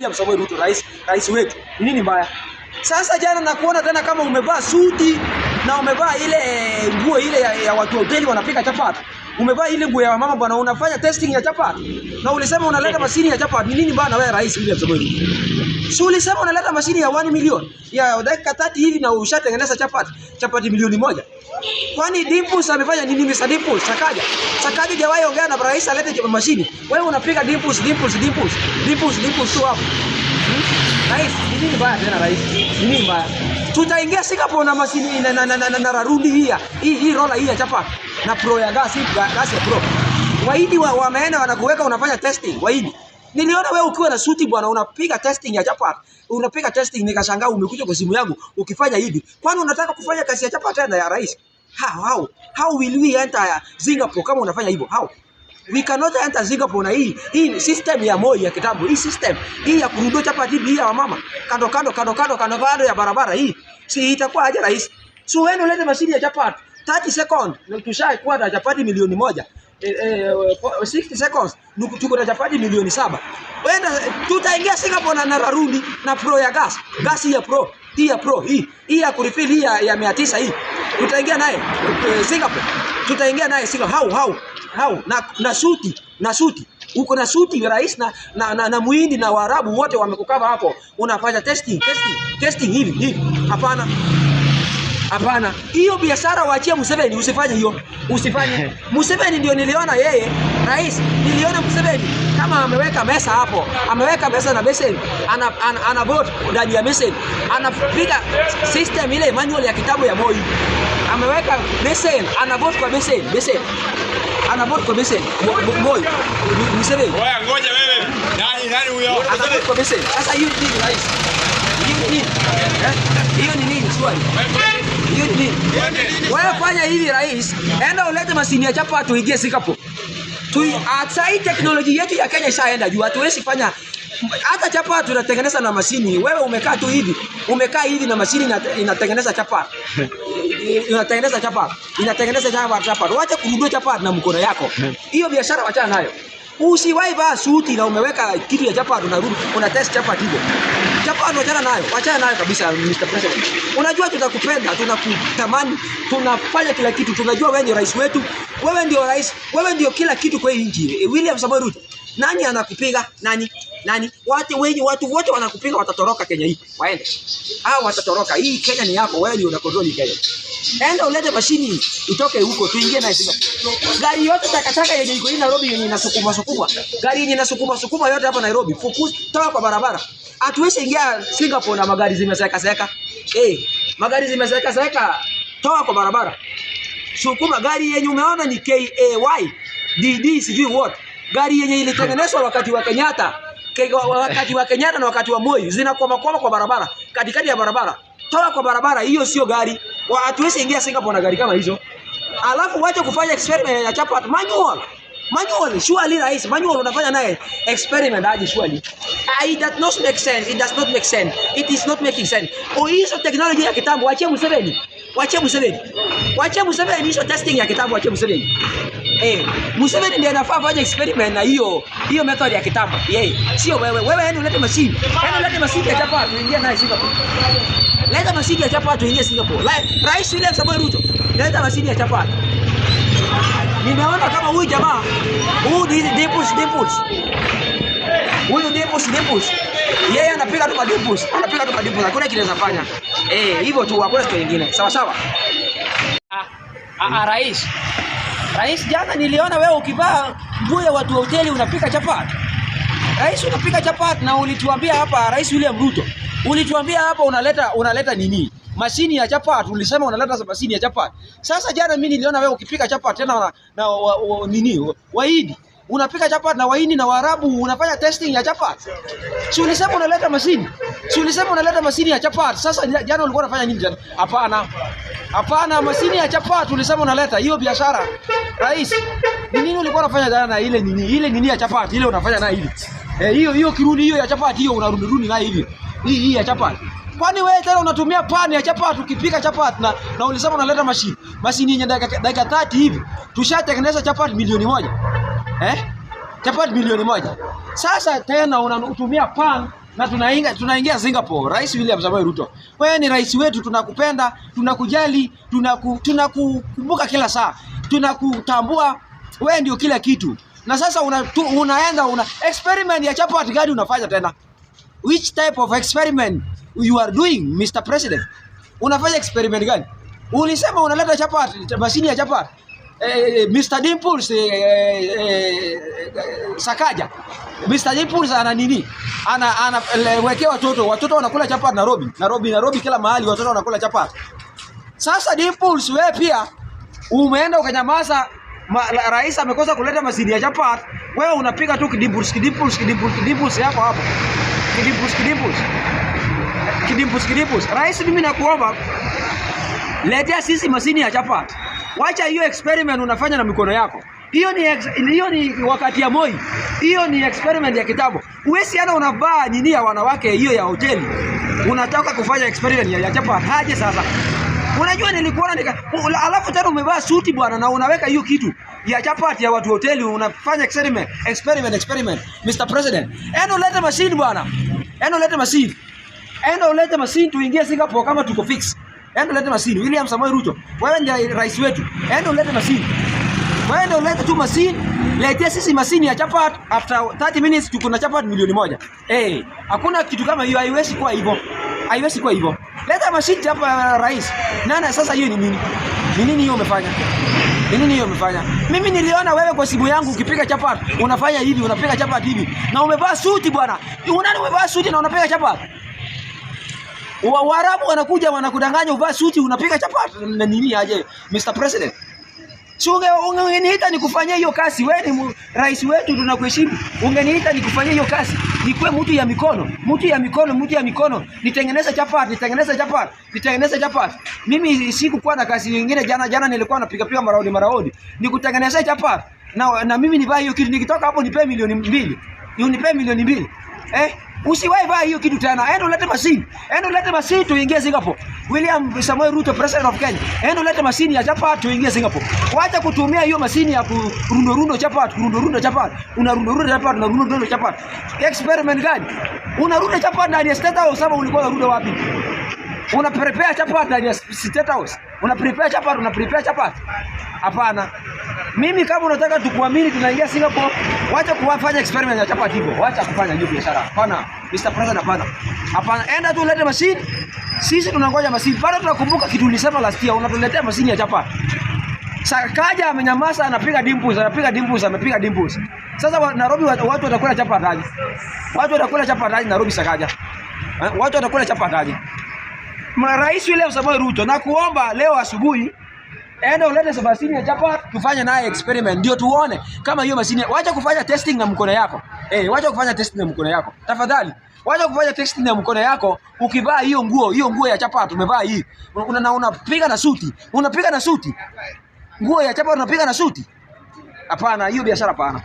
William Samoei Ruto, rais rais wetu. Nini mbaya? Sasa jana nakuona tena kama umevaa suti na umevaa ile nguo ile ya, ya watu wa hoteli wanapika chapati, umevaa ile nguo ya mama bwana, unafanya testing ya chapati na ulisema unaleta mashini ya chapati. Ni nini bwana wewe, Rais William Samoei Ruto? Si ulisema unaleta mashini ya 1 million ya dakika tatu hivi na ushatengeneza chapati chapati milioni moja. Kwani Dimples amefanya nini? Mr Dimples Sakaja, Sakaja jawahi ongea na rais alete mashini, wewe unapika Dimples Dimples Dimples Dimples Dimples tu hapo. Nice. Hmm? nini mbaya tena rais? Nini mbaya? Tutaingia Singapore na masini na na na, na, na, na rarundi hii hii hii rola hii chapa na pro ya gasi gasi ya pro. Waidi wa, wameenda wanakuweka unafanya testing waidi. Niliona wewe ukiwa na suti bwana, unapiga testing ya chapa, unapiga testing, nikashangaa umekuja kwa simu yangu ukifanya hivi. Kwani unataka kufanya kazi ya chapa tena ya rais? How, how, how will we enter Singapore kama unafanya hivyo? How? we cannot enter Singapore na hii hii ni system ya Moi ya kitambo, hii system hii ya kurudia chapa hii ya wamama kando kando kando kando kando kando ya barabara hii, si itakuwa haja rahisi. So wewe ulete mashini ya chapa 30 second, kuwa na chapati milioni moja eh, eh, 60 seconds tuko na chapati milioni saba. Wenda eh, tutaingia Singapore na nararundi na pro ya gas gas ya pro hii ya pro hii hii ya kurifili hii ya, ya mia tisa hii tutaingia naye eh, Singapore, tutaingia naye Singapore. How how hao na, na suti na suti uko na suti rais na, na, na, na muhindi na waarabu wote wamekukava hapo, unafanya testing testing testing hivi hivi. Hapana, hapana, hiyo biashara waachie Museveni, usifanye hiyo, usifanye Museveni. Ndio niliona yeye rais, niliona Museveni kama ameweka mesa hapo, ameweka mesa na beseni, ana, ana, ana board ndani ya beseni, anapiga system ile manual ya kitabu ya Moi, ameweka beseni, ana board kwa beseni, beseni ana vote Bese. boy Museveni. Oya, ngoja wewe. Nani nani huyo? Ana vote Bese. Sasa hiyo ni nini rais? Hiyo ni nini? Eh? Hiyo ni nini swali? Hiyo ni nini? Wewe fanya hivi rais, enda ulete masini ya chapa tuingie Singapore. Tu, ah, saa teknolojia yetu ya Kenya shaenda juu, hatuwezi fanya hata chapa tunatengeneza na mashini. Wewe umekaa tu hivi, umekaa hivi na mashini inatengeneza chapa, inatengeneza chapa, inatengeneza chapa, chapa. Wacha kurudia chapa na mkono yako. Hiyo biashara wachana nayo. Usiwahi vaa suti na umeweka kitu ya chapa, unarudi una test chapa hiyo. Chapa wachana nayo, wachana nayo kabisa, Mr. President. Unajua tutakupenda, tunakutamani, tunafanya kila kitu, tunajua wewe ndio rais wetu, wewe ndio rais, wewe ndio kila kitu kwa hii nchi. William Samoei Ruto nani anakupiga? Nani? Nani? Watu wengi, watu wote wanakupiga, watatoroka Kenya hii. Waende. Hao watatoroka. Hii Kenya ni yako, wewe ndio unakontrol Kenya. Enda ulete mashini utoke huko tuingie na hizo. Gari yote takataka yenye iko hii Nairobi yenye inasukuma sukuma. Gari yenye inasukuma sukuma yote hapa Nairobi. Focus, toa kwa barabara. Atuweshe ingia Singapore na magari zimeseka seka. Eh, magari zimeseka seka. Toa kwa barabara. Sukuma gari yenye umeona ni KAY DD sijui what gari yenye ilitengenezwa wakati wa Kenyatta wakati wa Kenyatta na wakati wa Moi zinakwamakwama kwa barabara, katikati ya barabara. Toa kwa barabara hiyo, sio gari. Hatuwezi ingia Singapore na gari kama hizo. Alafu wache kufanya experiment ya chapa manual. Manual surely rais, manual unafanya naye experiment aje surely. It does not make sense. It does not make sense. It is not making sense. O oh, hizo technology ya kitambo, wache Museveni. Wache Museveni. Wache Museveni hizo testing ya kitambo, wache Museveni eh, Museveni ndiye anafaa afanye experiment na hiyo hiyo method ya kitambo yeye, eh, sio wewe. Wewe yani ulete machine. yani ulete machine ya chapa tuingie naye Singapore, leta machine ya chapa tuingie Singapore. Rais William Samoei Ruto, leta machine ya chapa. Nimeona kama huyu jamaa huyu Dimples Dimples huyu Dimples Dimples yeye yeah, anapiga tu madimples, anapiga tu madimples, hakuna kile fanya eh, hivyo tu, hakuna kitu kingine. Sawa sawa. Ah, ah, ah rais Rais, jana niliona wewe ukivaa nguo ya watu wa hoteli unapika chapati. Rais, unapika chapati na ulituambia hapa, Rais William Ruto, ulituambia hapa unaleta unaleta nini? Mashini ya chapati, ulisema unaleta mashini ya chapati. Sasa jana mimi niliona wewe ukipika chapati tena na, na wa, wa, wa, nini? Waidi unapika chapati na Wahindi na Waarabu, unafanya testing ya chapati. Si ulisema unaleta mashini? Si ulisema unaleta mashini ya chapati? Sasa jana ulikuwa unafanya nini jana? Hapana. Hapana, mashini ya chapa tulisema unaleta hiyo biashara. Rais, ni nini ulikuwa unafanya jana na ile nini? Ile nini ya chapati ile unafanya na ile. Eh, hiyo hiyo kiruni hiyo ya chapati hiyo unarudi rudi na ile. Hii hii ya chapati. Kwani wewe tena unatumia pani ya chapati tukipika chapati na, na ulisema unaleta mashini. Mashini yenye dakika dakika 30 hivi. Tushatengeneza chapati milioni moja. Eh? Chapati milioni moja. Sasa tena unatumia pani na tunaingia tunaingia Singapore. Rais William Samoei Ruto, wewe ni rais wetu, tunakupenda, tunakujali, tunaku tunakukumbuka kila saa, tunakutambua, wewe ndio kila kitu. Na sasa una, tu, unaenda una experiment ya chapo atigadi unafanya tena, which type of experiment you are doing Mr President? Unafanya experiment gani? Ulisema unaleta chapati, mashini ya chapati Eh, eh, eh, Mr. Dimples eh, eh, Sakaja Mr. Dimples ana nini? Ana anawekea watoto, watoto wanakula chapati Nairobi. Nairobi Nairobi kila mahali watoto wanakula chapati. Sasa Dimples wewe pia umeenda ukanyamaza ma, rais amekosa kuleta masiri ya chapati. Wewe unapiga tu kidimples kidimples kidimples kidimples hapo hapo. Kidimples kidimples. Kidimples kidimples. Rais mimi nakuomba letea sisi masini ya chapati. Wacha hiyo experiment unafanya na mikono yako. Hiyo ni hiyo ni wakati ya Moi. Hiyo ni experiment ya kitabu. Uwezi ana unavaa nini ya wanawake hiyo ya hoteli. Unataka kufanya experiment ya, ya chapa haje sasa. Unajua nilikuona nika alafu tena umevaa suti bwana na unaweka hiyo kitu ya chapati ya watu hoteli unafanya experiment experiment experiment Mr President. endo lete machine bwana. endo lete machine. endo lete machine tuingie Singapore kama tuko fix ende ulete masini. William Samoei Ruto, wewe ndiye rais wetu, ende ulete mashini, ende ulete tu masini. Letea sisi masini ya chapati, after 30 minutes tuko na chapati milioni moja. Eh, hakuna kitu kama hiyo, haiwezi kuwa hivyo, haiwezi kuwa hivyo. Leta mashini hapa rais. Nana sasa, hiyo ni nini? Ni nini hiyo umefanya? Ni nini hiyo umefanya? Mimi niliona wewe kwa simu yangu ukipiga chapati, unafanya hivi, unapiga chapati hivi. Na umevaa suti bwana. Unani umevaa suti na unapiga chapati? wa Waarabu wanakuja wanakudanganya, uvaa suti, unapiga chapati na nini aje, Mr President? Si ungeniita nikufanyia hiyo kazi? Wewe ni rais wetu, tunakuheshimu. Ungeniita nikufanyia hiyo kazi, nikuwe mtu ya mikono, mtu ya mikono, mtu ya mikono, nitengeneze chapati, nitengeneze chapati, nitengeneze chapati. Mimi sikukuwa na kazi nyingine. Jana jana nilikuwa napiga piga maraudi maraudi, nikutengenezea chapati na, na mimi nivaa hiyo kitu, nikitoka hapo nipe milioni mbili, unipe milioni mbili eh Usiwahi vaa hiyo kitu tena. Enda ulete mashini. Enda ulete mashini tuingie Singapore. William Samoei Ruto president of Kenya. Enda ulete mashini ya chapati tuingie Singapore. Wacha kutumia hiyo mashini ya kurundo rundo chapati, kurundo rundo chapati. Una rundo rundo chapati, una rundo rundo chapati. Experiment gani? Una rundo chapati ndani ya state sababu ulikuwa unarundo wapi? Una prepare chapati ya State House? Una prepare chapati, una prepare chapati? Hapana. Mimi kama unataka tukuamini tunaingia Singapore, wacha kuwafanya experiment ya chapati hivyo. Wacha kufanya hiyo biashara. Hapana. Mr. President hapana. Hapana, enda tu lete machine, Sisi tunangoja machine Bado tunakumbuka kitu ulisema last year unatuletea machine ya chapati. Sakaja amenyamaza, anapiga dimpu, anapiga dimpu, amepiga dimpu. Sasa wa, Nairobi watu watakula chapati. Watu watakula chapati Nairobi Sakaja. Eh, watu watakula chapati. Rais William Samoei Ruto, na kuomba leo asubuhi enda ulete so mashine ya chapa tufanye naye experiment, ndio tuone kama hiyo mashine. Wacha kufanya testing na mkono yako eh, wacha kufanya testing na mkono yako tafadhali, wacha kufanya testing na mkono yako. Ukivaa hiyo nguo, hiyo nguo ya chapa tumevaa hii, unapiga una, una na suti, unapiga na suti, nguo ya chapa unapiga na suti? Hapana, hiyo biashara hapana.